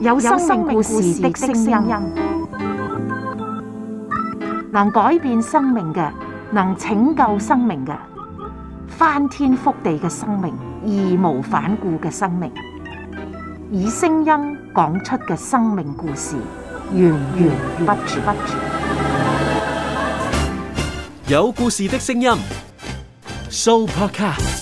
有生命故事的聲音，能改變生命嘅，能拯救生命嘅，翻天覆地嘅生命，義無反顧嘅生命，以聲音講出嘅生命故事，源源不絕。有故事的聲音，Soul Podcast。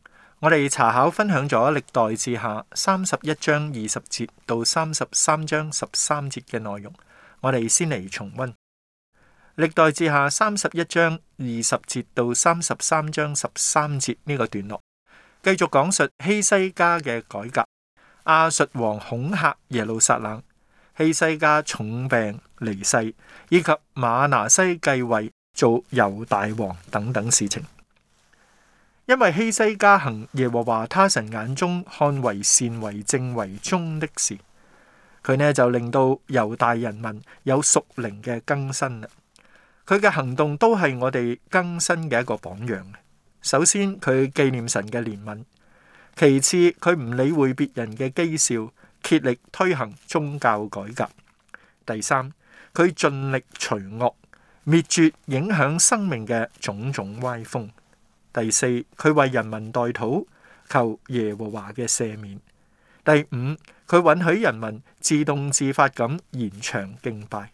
我哋查考分享咗《歷代志下》三十一章二十節到三十三章十三節嘅內容，我哋先嚟重溫《歷代志下》三十一章二十節到三十三章十三節呢個段落，繼續講述希西家嘅改革、亞述王恐嚇耶路撒冷、希西家重病離世以及馬拿西繼位做猶大王等等事情。因為希西家行耶和華他神眼中看為善為正為忠的事，佢呢就令到猶大人民有屬靈嘅更新。佢嘅行動都係我哋更新嘅一個榜樣。首先，佢紀念神嘅憐憫；其次，佢唔理會別人嘅譏笑，竭力推行宗教改革；第三，佢盡力除惡，滅絕影響生命嘅種種歪風。第四，佢為人民代禱，求耶和華嘅赦免。第五，佢允許人民自動自發咁延長敬拜。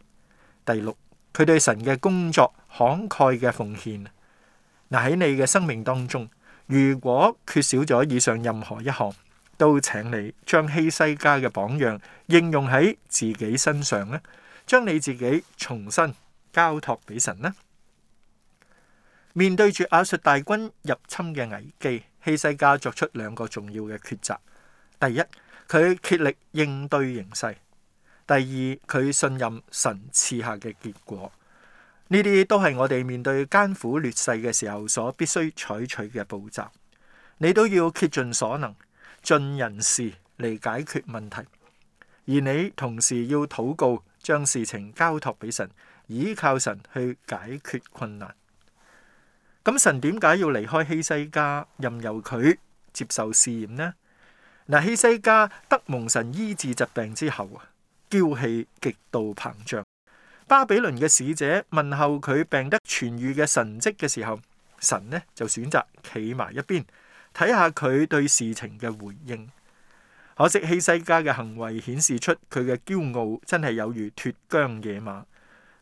第六，佢對神嘅工作慷慨嘅奉獻。嗱，喺你嘅生命當中，如果缺少咗以上任何一項，都請你將希西家嘅榜樣應用喺自己身上咧，將你自己重新交託俾神啦。面對住亞述大軍入侵嘅危機，希西家作出兩個重要嘅抉擇：第一，佢竭力應對形勢；第二，佢信任神賜下嘅結果。呢啲都係我哋面對艱苦劣勢嘅時候所必須採取嘅步驟。你都要竭盡所能、盡人事嚟解決問題，而你同時要禱告，將事情交託俾神，依靠神去解決困難。咁神點解要離開希西家，任由佢接受試驗呢？嗱，希西家得蒙神醫治疾病之後啊，驕氣極度膨脹。巴比倫嘅使者問候佢病得痊癒嘅神蹟嘅時候，神呢就選擇企埋一邊，睇下佢對事情嘅回應。可惜希西家嘅行為顯示出佢嘅驕傲，真係有如脫韁野馬。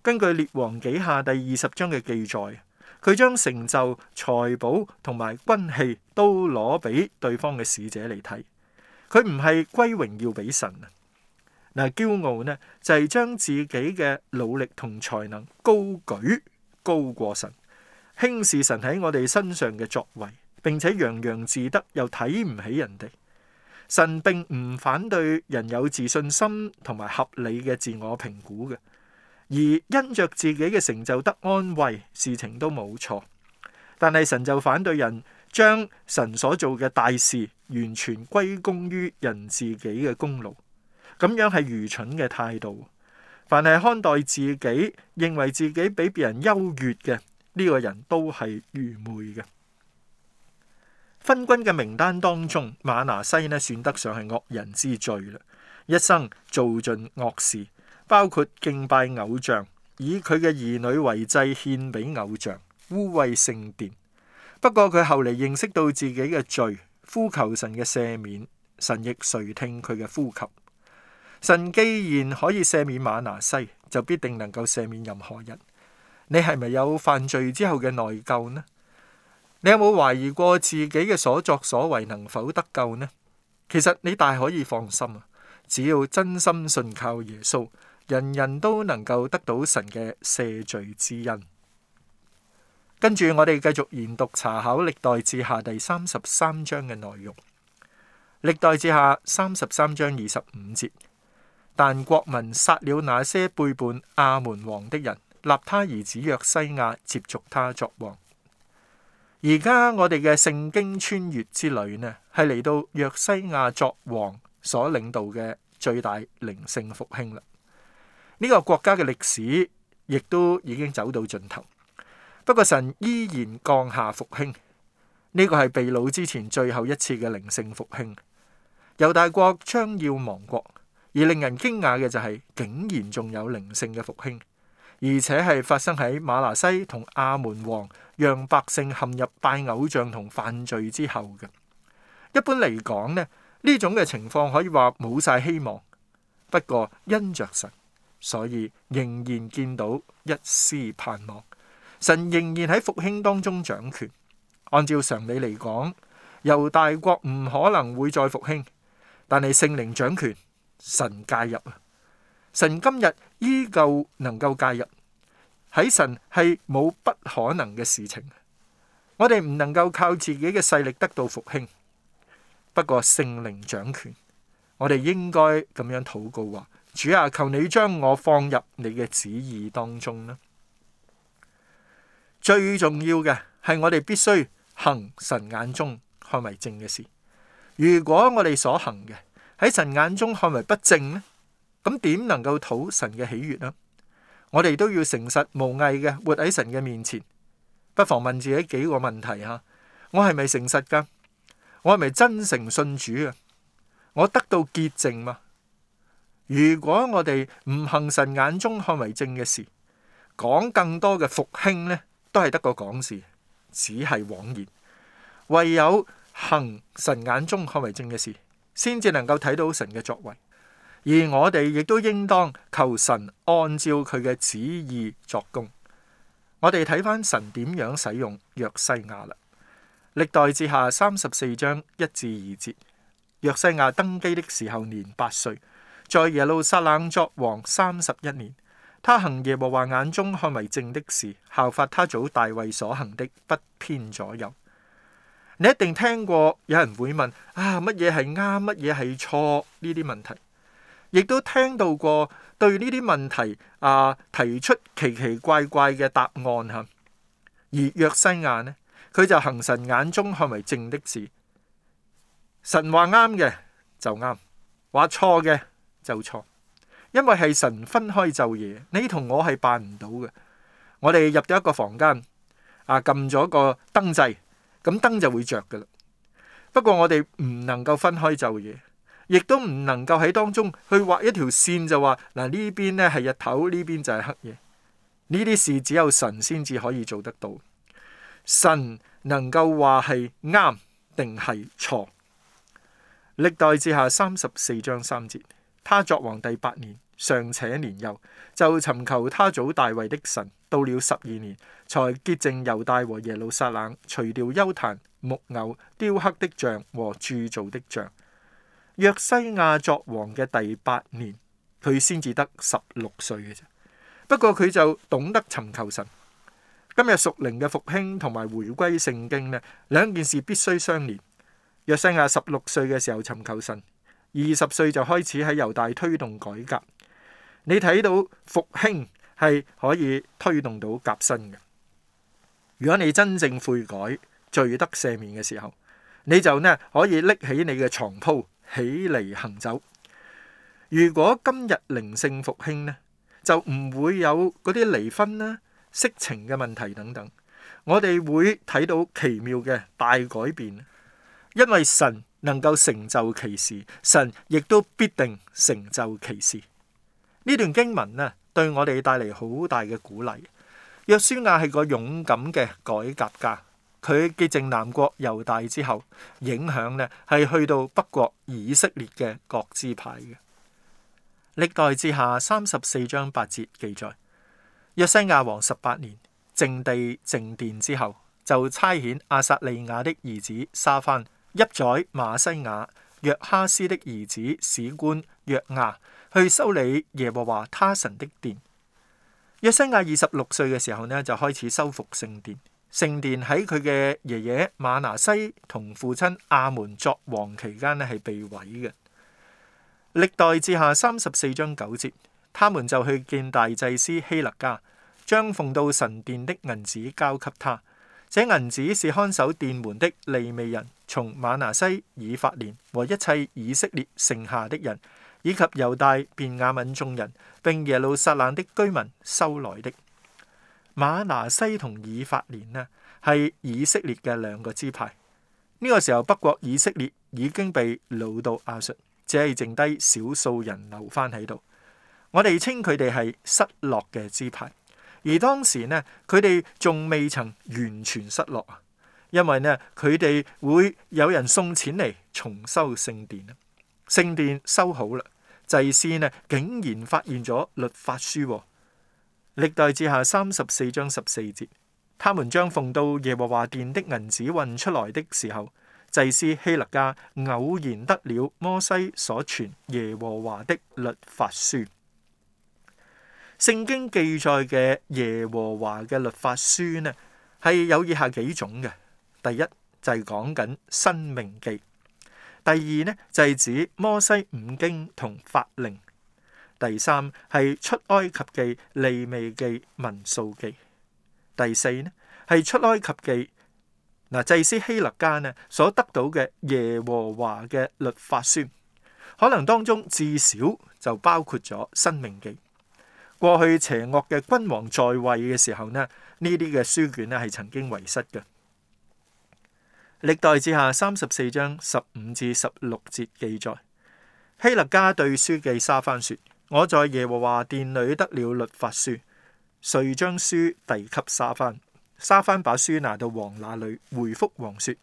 根據列王紀下第二十章嘅記載。佢將成就、財寶同埋軍器都攞俾對方嘅使者嚟睇，佢唔係歸榮耀俾神啊！嗱，驕傲呢就係將自己嘅努力同才能高舉高過神，輕視神喺我哋身上嘅作為，並且洋洋自得又睇唔起人哋。神並唔反對人有自信心同埋合理嘅自我評估嘅。而因着自己嘅成就得安慰，事情都冇錯。但係神就反對人將神所做嘅大事完全歸功於人自己嘅功勞，咁樣係愚蠢嘅態度。凡係看待自己認為自己比別人優越嘅呢個人，都係愚昧嘅。分君嘅名單當中，馬拿西呢算得上係惡人之最啦，一生做盡惡事。包括敬拜偶像，以佢嘅兒女為祭獻俾偶像，污穢聖殿。不過佢後嚟認識到自己嘅罪，呼求神嘅赦免，神亦垂聽佢嘅呼吸。神既然可以赦免馬拿西，就必定能夠赦免任何人。你係咪有犯罪之後嘅內疚呢？你有冇懷疑過自己嘅所作所為能否得救呢？其實你大可以放心啊，只要真心信靠耶穌。人人都能夠得到神嘅赦罪之恩。跟住我哋繼續研讀查考歷代志下第三十三章嘅內容。歷代志下三十三章二十五節，但國民殺了那些背叛亞門王的人，立他兒子約西亞接續他作王。而家我哋嘅聖經穿越之旅呢，係嚟到約西亞作王所領導嘅最大靈性復興啦。呢個國家嘅歷史亦都已經走到盡頭，不過神依然降下復興。呢、這個係被擄之前最後一次嘅靈性復興。猶大國將要亡國，而令人驚訝嘅就係、是、竟然仲有靈性嘅復興，而且係發生喺馬拿西同亞門王讓百姓陷入拜偶像同犯罪之後嘅。一般嚟講呢，呢種嘅情況可以話冇晒希望。不過因着神。所以仍然見到一絲盼望，神仍然喺復興當中掌權。按照常理嚟講，猶大國唔可能會再復興，但係聖靈掌權，神介入啊！神今日依舊能夠介入，喺神係冇不可能嘅事情。我哋唔能夠靠自己嘅勢力得到復興，不過聖靈掌權，我哋應該咁樣禱告話。主啊，求你將我放入你嘅旨意當中啦。最重要嘅係我哋必須行神眼中看為正嘅事。如果我哋所行嘅喺神眼中看為不正呢，咁點能夠討神嘅喜悅呢？我哋都要誠實無偽嘅活喺神嘅面前。不妨問自己幾個問題吓：我係咪誠實噶？我係咪真誠信主啊？我得到潔淨嘛？如果我哋唔行神眼中看為正嘅事，講更多嘅復興呢，都係得個講字，只係妄言。唯有行神眼中看為正嘅事，先至能夠睇到神嘅作為。而我哋亦都應當求神按照佢嘅旨意作工。我哋睇返神點樣使用約西亞啦，《歷代志下》三十四章一至二節。約西亞登基的時候年八歲。在耶路撒冷作王三十一年，他行耶和華眼中看為正的事，效法他祖大衛所行的，不偏左右。你一定聽過，有人會問：啊，乜嘢係啱，乜嘢係錯？呢啲問題，亦都聽到過對呢啲問題啊提出奇奇怪怪嘅答案吓，啊。而約西亞呢，佢就行神眼中看為正的事，神話啱嘅就啱，話錯嘅。就錯，因為係神分開晝夜，你同我係辦唔到嘅。我哋入咗一個房間，啊，撳咗個燈掣，咁燈就會着噶啦。不過我哋唔能夠分開晝夜，亦都唔能夠喺當中去畫一條線就，就話嗱，呢邊咧係日頭，呢邊就係黑夜。呢啲事只有神先至可以做得到。神能夠話係啱定係錯。歷代志下三十四章三節。他作王第八年，尚且年幼，就尋求他祖大衛的神。到了十二年，才潔淨猶大和耶路撒冷，除掉邱壇、木偶、雕刻的像和鑄造的像。約西亞作王嘅第八年，佢先至得十六歲嘅啫。不過佢就懂得尋求神。今日屬靈嘅復興同埋回歸聖經呢兩件事必須相連。約西亞十六歲嘅時候尋求神。二十歲就開始喺猶大推動改革，你睇到復興係可以推動到革新嘅。如果你真正悔改、罪得赦免嘅時候，你就呢可以拎起你嘅床鋪起嚟行走。如果今日靈性復興呢，就唔會有嗰啲離婚啦、色情嘅問題等等。我哋會睇到奇妙嘅大改變，因為神。能夠成就其事，神亦都必定成就其事。呢段經文咧，對我哋帶嚟好大嘅鼓勵。約書亞係個勇敢嘅改革家，佢繼正南國猶大之後，影響咧係去到北國以色列嘅各支派嘅歷代志下三十四章八節記載，約西亞王十八年靜地靜殿之後，就差遣亞撒利亞的兒子沙番。邑宰馬西雅，約哈斯的兒子史官約亞，去修理耶和華他神的殿。約西亞二十六歲嘅時候呢，就開始修復聖殿。聖殿喺佢嘅爺爺馬拿西同父親亞們作王期間呢，係被毀嘅。歷代志下三十四章九節，他們就去見大祭司希勒家，將奉到神殿的銀子交給他。這銀子是看守殿門的利未人從馬拿西、以法蓮和一切以色列剩下的人，以及猶大、便雅憫眾人並耶路撒冷的居民收來的。馬拿西同以法蓮呢，係以色列嘅兩個支派。呢、呢個時候，北國以色列已經被擄到亞述，只係剩低少數人留翻喺度。我哋稱佢哋係失落嘅支派。而當時呢，佢哋仲未曾完全失落，因為呢，佢哋會有人送錢嚟重修聖殿啊。聖殿修好啦，祭司呢竟然發現咗律法書，歷代志下三十四章十四節，他們將奉到耶和華殿的銀子運出來的時候，祭司希勒家偶然得了摩西所傳耶和華的律法書。聖經記載嘅耶和華嘅律法書呢，係有以下幾種嘅。第一就係講緊《申命記》，第二呢就係、是、指摩西五經同法令，第三係《出埃及記》、《利未記》、《民數記》，第四呢係《出埃及記》嗱。祭司希勒家呢所得到嘅耶和華嘅律法書，可能當中至少就包括咗《申命記》。過去邪惡嘅君王在位嘅時候呢，呢啲嘅書卷呢係曾經遺失嘅。歷代志下三十四章十五至十六節記載，希勒家對書記沙番說：，我在耶和華殿裏得了律法書，遂將書遞給沙番。沙番把書拿到王那裏，回覆王說：，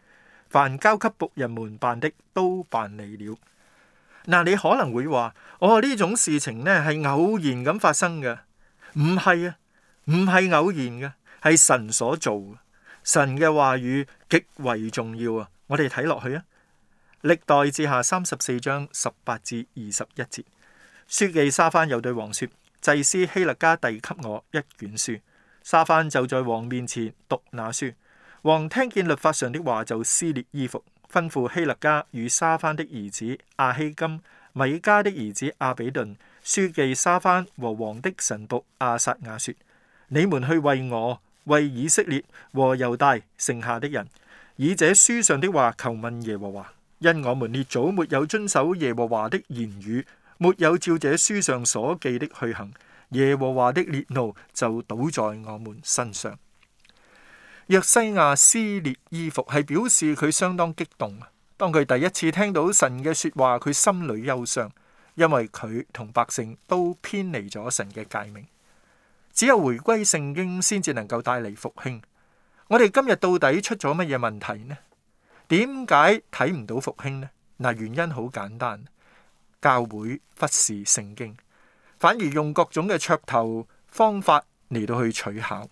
凡交給僕人們辦的，都辦理了。嗱，你可能會話：，我、哦、呢種事情呢，係偶然咁發生嘅，唔係啊，唔係偶然嘅，係神所做。神嘅話語極為重要啊！我哋睇落去啊，《歷代至下》三十四章十八至二十一節，書記沙番又對王説：，祭司希勒家遞給我一卷書，沙番就在王面前讀那書。王聽見律法上的話，就撕裂衣服。吩咐希勒家與沙番的兒子阿希金、米迦的兒子阿比頓、書記沙番和王的臣僕亞撒雅說：你們去為我、為以色列和猶大剩下的人，以這書上的話求問耶和華，因我們列祖沒有遵守耶和華的言語，沒有照這書上所記的去行，耶和華的烈怒就倒在我們身上。約西亞撕裂衣服，係表示佢相當激動。當佢第一次聽到神嘅說話，佢心裏憂傷，因為佢同百姓都偏離咗神嘅誡命。只有回歸聖經，先至能夠帶嚟復興。我哋今日到底出咗乜嘢問題呢？點解睇唔到復興呢？嗱，原因好簡單，教會忽視聖經，反而用各種嘅噱頭方法嚟到去取巧。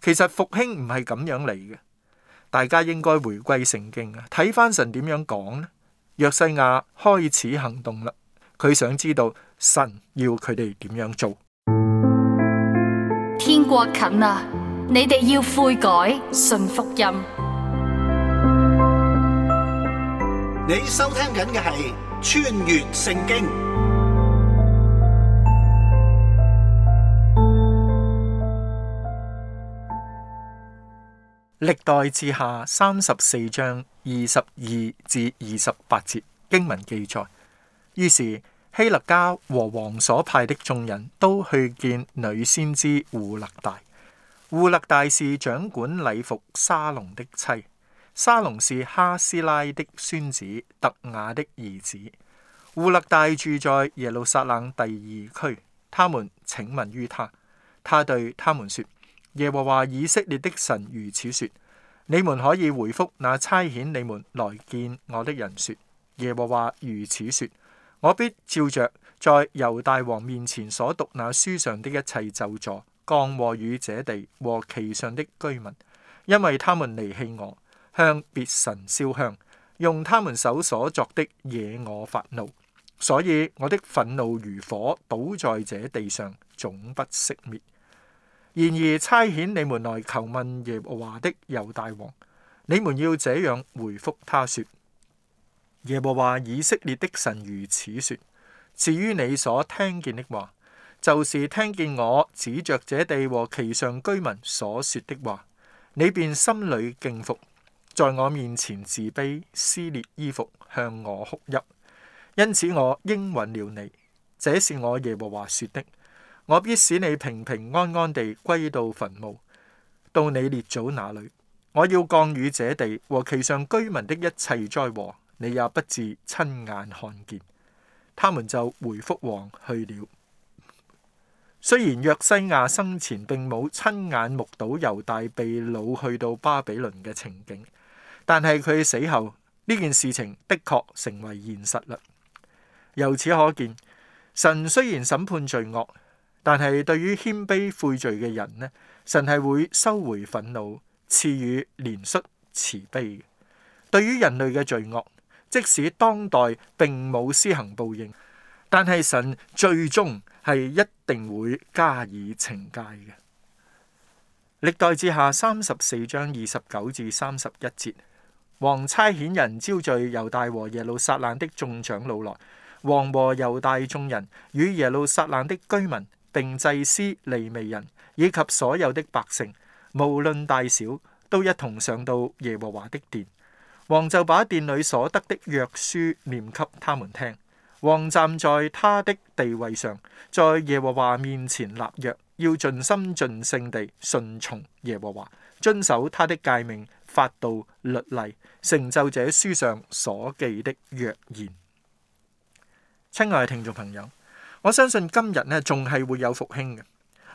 其實復興唔係咁樣嚟嘅，大家應該回歸聖經啊，睇翻神點樣講咧。約西亞開始行動啦，佢想知道神要佢哋點樣做。天國近啊，你哋要悔改，信福音。你收聽緊嘅係穿越聖經。歷代志下三十四章二十二至二十八節經文記載，於是希勒家和王所派的眾人都去見女先知胡勒大。胡勒大是掌管禮服沙龍的妻，沙龍是哈斯拉的孫子特雅的兒子。胡勒大住在耶路撒冷第二區，他們請問於他，他對他們說。耶和華以色列的神如此說：你們可以回復那差遣你們來見我的人說：耶和華如此說：我必照着在猶大王面前所讀那書上的一切咒詛，降禍與這地和其上的居民，因為他們離棄我，向別神燒香，用他們手所作的惹我發怒，所以我的憤怒如火，倒在這地上，總不熄滅。然而差遣你們來求問耶和華的猶大王，你們要這樣回復他說：耶和華以色列的神如此說：至於你所聽見的話，就是聽見我指着這地和其上居民所說的話，你便心裏敬服，在我面前自卑，撕裂衣服，向我哭泣。因此我應允了你，這是我耶和華說的。我必使你平平安安地歸到墳墓，到你列祖那裏。我要降雨這地和其上居民的一切災禍，你也不至親眼看見。他們就回覆王去了。雖然約西亞生前並冇親眼目睹猶大被擄去到巴比倫嘅情景，但係佢死後呢件事情的確成為現實嘞。由此可見，神雖然審判罪惡。但係，對於謙卑悔罪嘅人呢，神係會收回憤怒，賜予憐恤慈悲。對於人類嘅罪惡，即使當代並冇施行報應，但係神最終係一定會加以懲戒嘅。歷代志下三十四章二十九至三十一節，王差遣人招聚猶大和耶路撒冷的眾長老來，王和猶大眾人與耶路撒冷的居民。並祭司、利未人以及所有的百姓，無論大小，都一同上到耶和華的殿。王就把殿裏所得的約書念給他們聽。王站在他的地位上，在耶和華面前立約，要盡心盡性地順從耶和華，遵守他的誡命、法度、律例，成就這書上所記的約言。親愛聽眾朋友。我相信今日咧仲係會有復興嘅，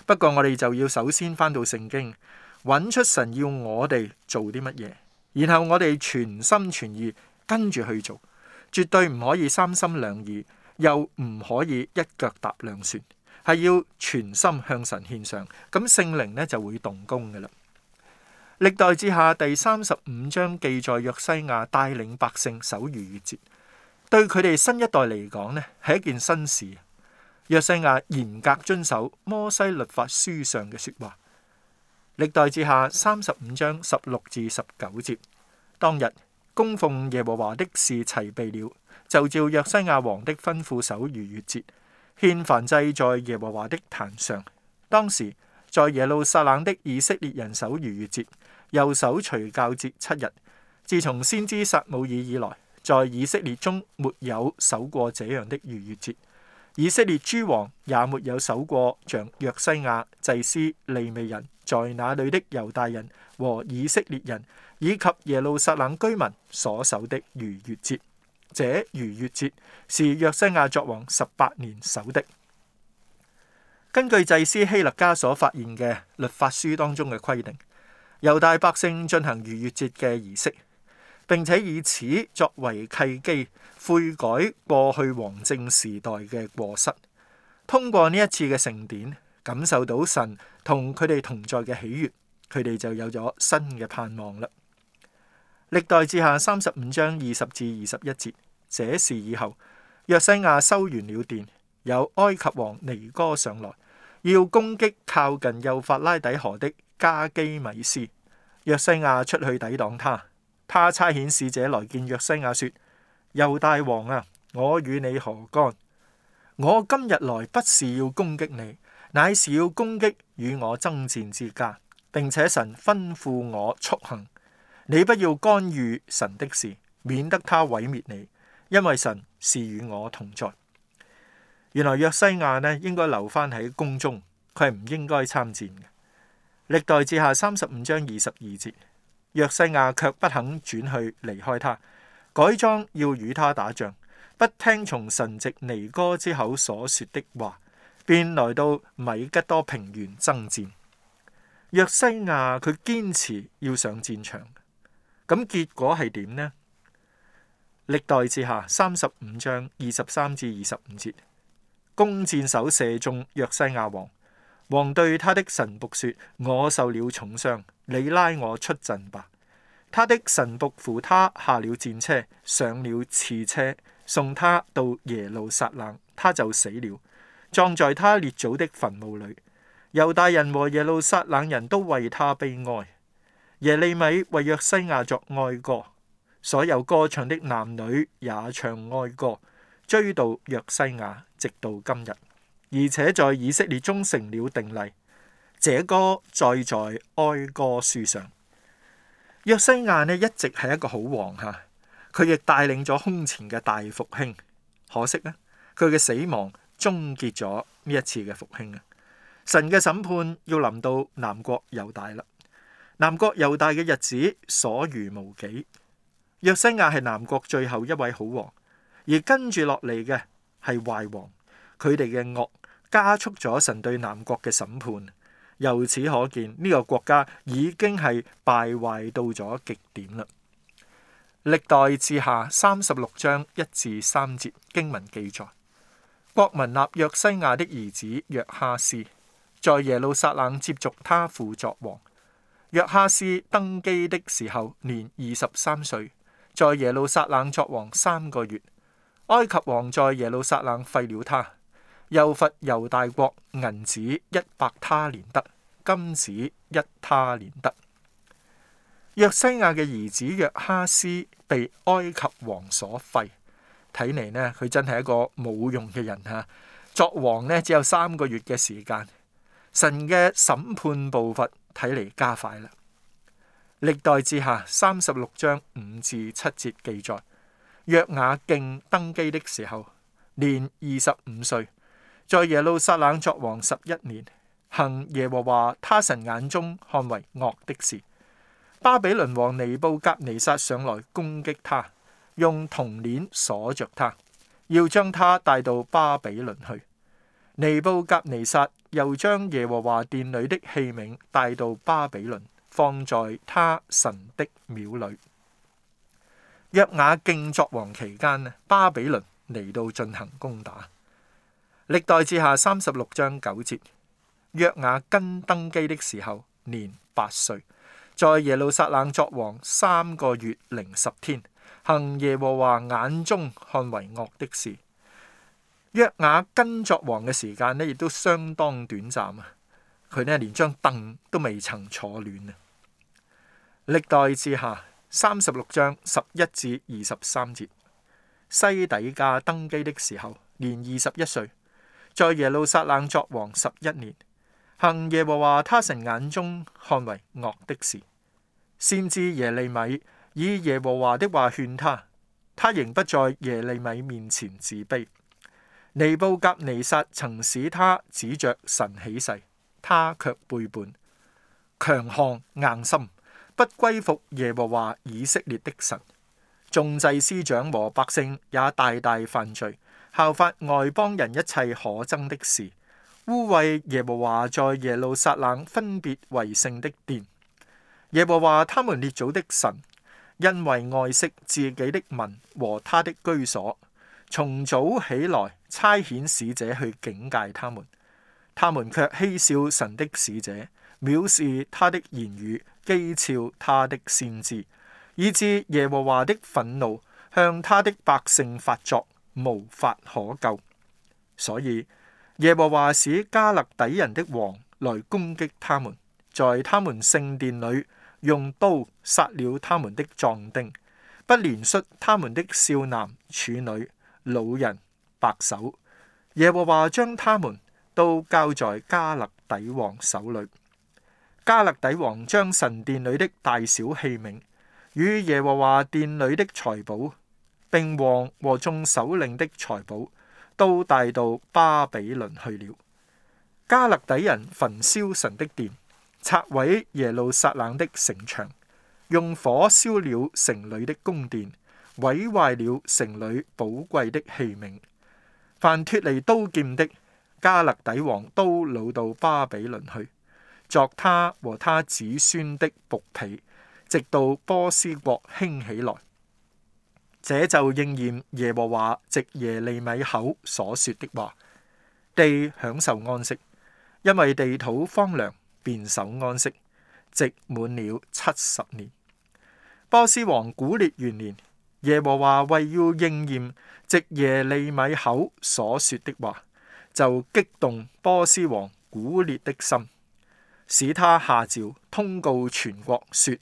不過我哋就要首先翻到聖經，揾出神要我哋做啲乜嘢，然後我哋全心全意跟住去做，絕對唔可以三心兩意，又唔可以一腳踏兩船，係要全心向神獻上，咁聖靈咧就會動工嘅啦。歷代志下第三十五章記載，約西亞帶領百姓守逾越節，對佢哋新一代嚟講咧係一件新事。約西亞嚴格遵守摩西律法書上嘅說話。歷代志下三十五章十六至十九節：當日供奉耶和華的事齊備了，就照約西亞王的吩咐守逾越節，獻燔祭在耶和華的壇上。當時在耶路撒冷的以色列人守逾越節，又守除教節七日。自從先知撒母耳以來，在以色列中沒有守過這樣的逾越節。以色列諸王也沒有守過像約西亞、祭司、利未人、在那裏的猶大人和以色列人以及耶路撒冷居民所守的逾越節。這逾越節是約西亞作王十八年守的。根據祭司希勒家所發現嘅律法書當中嘅規定，猶大百姓進行逾越節嘅儀式。並且以此作為契機，悔改過去王政時代嘅過失。通過呢一次嘅聖典，感受到神同佢哋同在嘅喜悦，佢哋就有咗新嘅盼望啦。歷代志下三十五章二十至二十一節，這事以後約西亞修完了殿，有埃及王尼哥上來要攻擊靠近幼發拉底河的加基米斯，約西亞出去抵擋他。他差遣使者來見約西亞說：猶大王啊，我與你何干？我今日來不是要攻擊你，乃是要攻擊與我爭戰之家，並且神吩咐我速行，你不要干預神的事，免得他毀滅你，因為神是與我同在。原來約西亞呢，應該留翻喺宮中，佢係唔應該參戰嘅。歷代志下三十五章二十二節。約西亞卻不肯轉去離開他，改裝要與他打仗，不聽從神藉尼哥之口所說的話，便來到米吉多平原爭戰。約西亞佢堅持要上戰場，咁結果係點呢？歷代志下三十五章二十三至二十五節，弓箭手射中約西亞王。王對他的臣僕說：我受了重傷，你拉我出陣吧。他的臣僕扶他下了戰車，上了次車，送他到耶路撒冷，他就死了，葬在他列祖的墳墓裏。猶大人和耶路撒冷人都為他悲哀。耶利米為約西亞作哀歌，所有歌唱的男女也唱哀歌，追悼約西亞，直到今日。而且在以色列中成了定例，這歌載在哀歌書上。約西亞咧一直係一個好王吓，佢亦帶領咗空前嘅大復興。可惜咧、啊，佢嘅死亡終結咗呢一次嘅復興啊！神嘅審判要臨到南國猶大啦。南國猶大嘅日子所餘無幾。約西亞係南國最後一位好王，而跟住落嚟嘅係壞王，佢哋嘅惡。加速咗神對南國嘅審判，由此可見，呢、這個國家已經係敗壞到咗極點啦。歷代志下三十六章一至三節經文記載：國民納約西亞的兒子約哈斯，在耶路撒冷接續他父作王。約哈斯登基的時候年二十三歲，在耶路撒冷作王三個月，埃及王在耶路撒冷廢了他。又罰猶大國銀子一百他連德，金子一他連德。約西亞嘅兒子約哈斯被埃及王所廢，睇嚟呢，佢真係一個冇用嘅人吓。作王呢，只有三個月嘅時間，神嘅審判步伐睇嚟加快啦。歷代志下三十六章五至七節記載，約雅敬登基的時候，年二十五歲。在耶路撒冷作王十一年，行耶和華他神眼中看為惡的事。巴比倫王尼布甲尼撒上來攻擊他，用銅鏈鎖着他，要將他帶到巴比倫去。尼布甲尼撒又將耶和華殿裏的器皿帶到巴比倫，放在他神的廟裏。約雅敬作王期間，巴比倫嚟到進行攻打。歷代誌下三十六章九節，約雅根登基的時候，年八歲，在耶路撒冷作王三個月零十天，行耶和華眼中看為惡的事。約雅根作王嘅時間呢，亦都相當短暫啊！佢呢連張凳都未曾坐暖啊！歷代誌下三十六章十一至二十三節，西底家登基的時候，年二十一歲。在耶路撒冷作王十一年，行耶和華他神眼中看為惡的事，先知耶利米以耶和華的話勸他，他仍不在耶利米面前自卑。尼布甲尼撒曾使他指着神起誓，他卻背叛，強項、硬心，不歸服耶和華以色列的神。眾祭司長和百姓也大大犯罪。效法外邦人一切可憎的事，污穢耶和華在耶路撒冷分別為聖的殿。耶和華他們列祖的神，因為愛惜自己的民和他的居所，從早起來差遣使者去警戒他們，他們卻嬉笑神的使者，藐視他的言語，譏誚他的先知，以致耶和華的憤怒向他的百姓發作。無法可救，所以耶和華使迦勒底人的王來攻擊他們，在他們聖殿裏用刀殺了他們的壯丁，不憐恤他們的少男、處女、老人、白叟。耶和華將他們都交在迦勒底王手裏，迦勒底王將神殿裏的大小器皿與耶和華殿裏的財寶。並王和眾首領的財寶都帶到巴比倫去了。加勒底人焚燒神的殿，拆毀耶路撒冷的城牆，用火燒了城裏的宮殿，毀壞了城裏寶貴的器皿。凡脫離刀劍的，加勒底王都擄到巴比倫去，作他和他子孫的僕婢，直到波斯國興起來。這就應驗耶和華直耶利米口所說的話，地享受安息，因為地土荒涼，便守安息，直滿了七十年。波斯王古列元年，耶和華為要應驗直耶利米口所說的話，就激動波斯王古列的心，使他下詔通告全國說：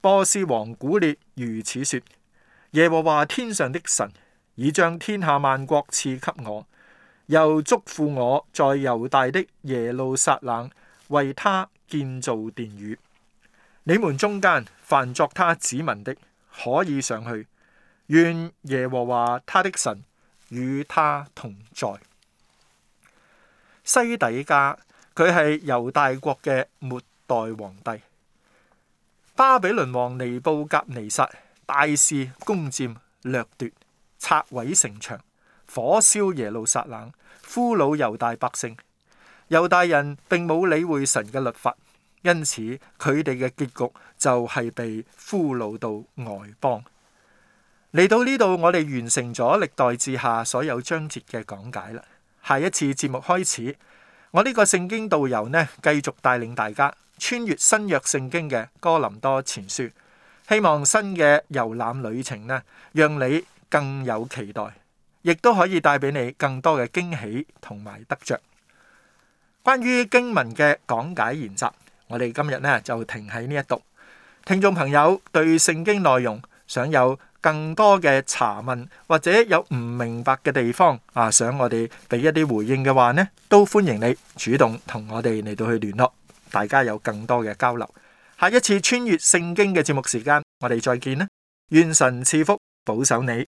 波斯王古列如此說。耶和華天上的神已將天下萬國賜給我，又囑咐我在猶大的耶路撒冷為他建造殿宇。你們中間凡作他子民的，可以上去，願耶和華他的神與他同在。西底家，佢係猶大國嘅末代皇帝，巴比倫王尼布甲尼撒，大肆攻佔掠奪，拆毀城牆，火燒耶路撒冷，俘虜猶大百姓。猶大人並冇理會神嘅律法，因此佢哋嘅結局就係被俘虜到外邦。嚟到呢度，我哋完成咗歷代志下所有章節嘅講解啦。下一次節目開始，我呢個聖經導遊呢，繼續帶領大家穿越新約聖經嘅哥林多前書。希望新嘅遊覽旅程呢，讓你更有期待，亦都可以帶俾你更多嘅驚喜同埋得着。關於經文嘅講解研習，我哋今日呢就停喺呢一度。聽眾朋友對聖經內容想有更多嘅查問，或者有唔明白嘅地方啊，想我哋俾一啲回應嘅話呢，都歡迎你主動同我哋嚟到去聯絡，大家有更多嘅交流。下一次穿越聖經嘅節目時間，我哋再見啦！願神賜福，保守你。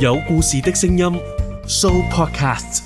有故事的聲音，Show Podcast。